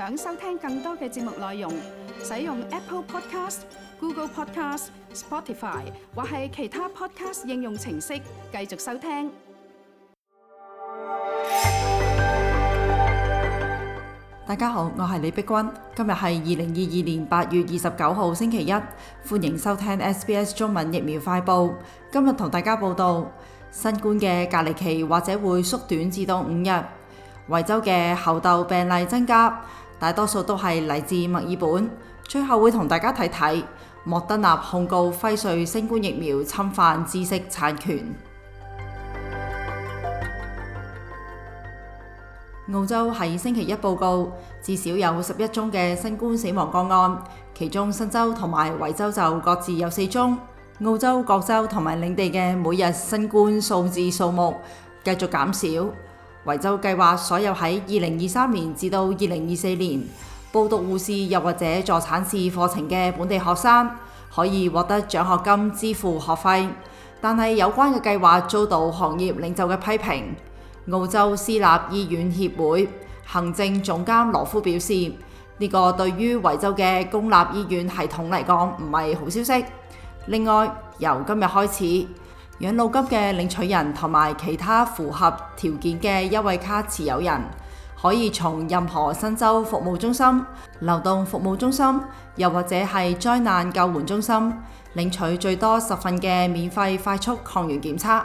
想收聽更多嘅節目內容，使用 Apple Podcast, Google Podcast, Spotify, 或係其他 Podcast 應用程式繼續收聽。大家好，我係李碧君，今日係二零二二年八月二十九號星期一，歡迎收聽 SBS 中文疫苗快報。今日同大家報道，新冠嘅隔離期或者會縮短至到五日。維州嘅猴痘病例增加。大多數都係嚟自墨爾本。最後會同大家睇睇莫德納控告輝瑞新冠疫苗侵犯知識產權。澳洲喺星期一報告至少有十一宗嘅新冠死亡個案，其中新州同埋維州就各自有四宗。澳洲各州同埋領地嘅每日新冠數字數目繼續減少。維州計劃所有喺二零二三年至到二零二四年報讀護士又或者助產士課程嘅本地學生，可以獲得獎學金支付學費。但係有關嘅計劃遭到行業領袖嘅批評。澳洲私立醫院協會行政總監羅夫表示，呢個對於維州嘅公立醫院系統嚟講唔係好消息。另外，由今日開始。養老金嘅領取人同埋其他符合條件嘅優惠卡持有人，可以從任何新州服務中心、流動服務中心，又或者係災難救援中心，領取最多十份嘅免費快速抗原檢測。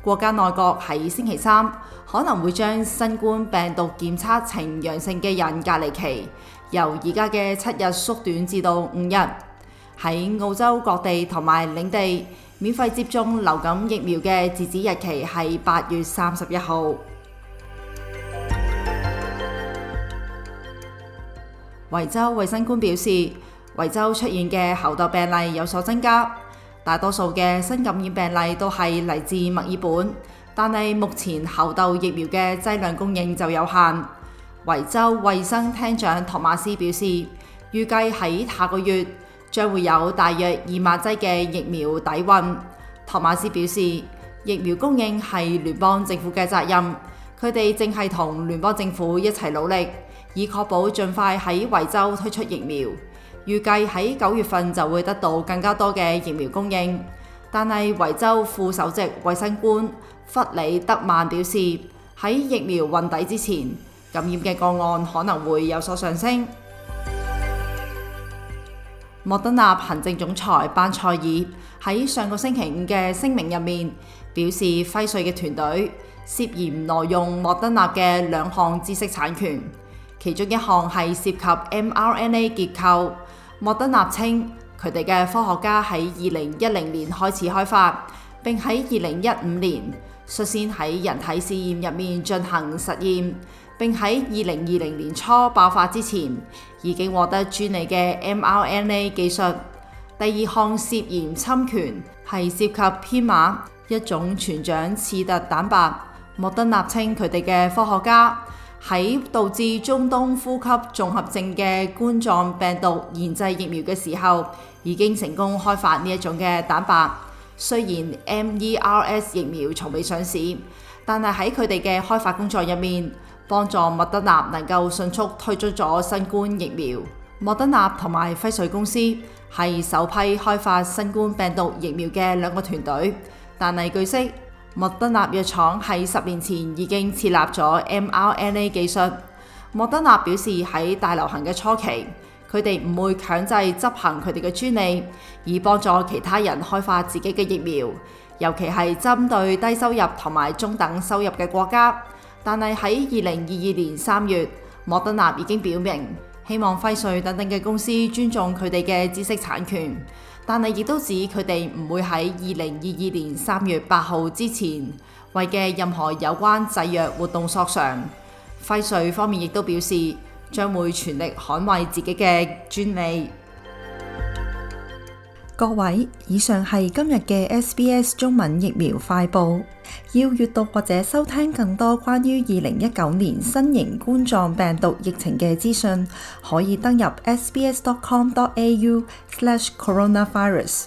國家內閣喺星期三可能會將新冠病毒檢測呈陽性嘅人隔離期，由而家嘅七日縮短至到五日。喺澳洲各地同埋領地。免費接種流感疫苗嘅截止日期係八月三十一號。維州衛生官表示，維州出現嘅猴痘病例有所增加，大多數嘅新感染病例都係嚟自墨爾本，但係目前猴痘疫苗嘅劑量供應就有限。維州衛生廳長托馬斯表示，預計喺下個月。將會有大約二萬劑嘅疫苗抵運。托馬斯表示，疫苗供應係聯邦政府嘅責任，佢哋正係同聯邦政府一齊努力，以確保盡快喺維州推出疫苗。預計喺九月份就會得到更加多嘅疫苗供應。但係維州副首席衛生官弗里德曼表示，喺疫苗運抵之前，感染嘅個案可能會有所上升。莫德納行政總裁班塞爾喺上個星期五嘅聲明入面表示，輝瑞嘅團隊涉嫌挪用莫德納嘅兩項知識產權，其中一項係涉及 mRNA 結構。莫德納稱佢哋嘅科學家喺二零一零年開始開發，並喺二零一五年率先喺人體試驗入面進行實驗。並喺二零二零年初爆發之前已經獲得專利嘅 mRNA 技術。第二項涉嫌侵權係涉及編碼一種全長刺突蛋白。莫德納稱佢哋嘅科學家喺導致中東呼吸綜合症嘅冠狀病毒研製疫苗嘅時候已經成功開發呢一種嘅蛋白。雖然 MERS 疫苗從未上市，但係喺佢哋嘅開發工作入面。幫助莫德納能夠迅速推出咗新冠疫苗。莫德納同埋輝瑞公司係首批開發新冠病毒疫苗嘅兩個團隊。但係據悉，莫德納藥廠喺十年前已經設立咗 mRNA 技術。莫德納表示喺大流行嘅初期，佢哋唔會強制執行佢哋嘅專利，以幫助其他人開發自己嘅疫苗，尤其係針對低收入同埋中等收入嘅國家。但係喺二零二二年三月，莫德納已經表明希望輝瑞等等嘅公司尊重佢哋嘅知識產權，但係亦都指佢哋唔會喺二零二二年三月八號之前為嘅任何有關製藥活動索償。輝瑞方面亦都表示將會全力捍衛自己嘅專利。各位，以上係今日嘅 SBS 中文疫苗快報。要閱讀或者收聽更多關於2019年新型冠狀病毒疫情嘅資訊，可以登入 sbs.com.au/coronavirus slash。